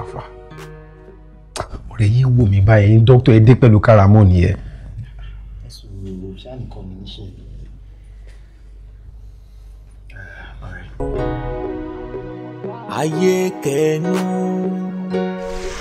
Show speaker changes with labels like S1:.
S1: àfà ọ̀rẹ́ yìí wò mí báyìí dókítà ẹ dé pẹ̀lú káramọ́ nìyẹn.
S2: ẹ̀sùn ṣáà nìkan mi níṣẹ́ ayé kẹnu.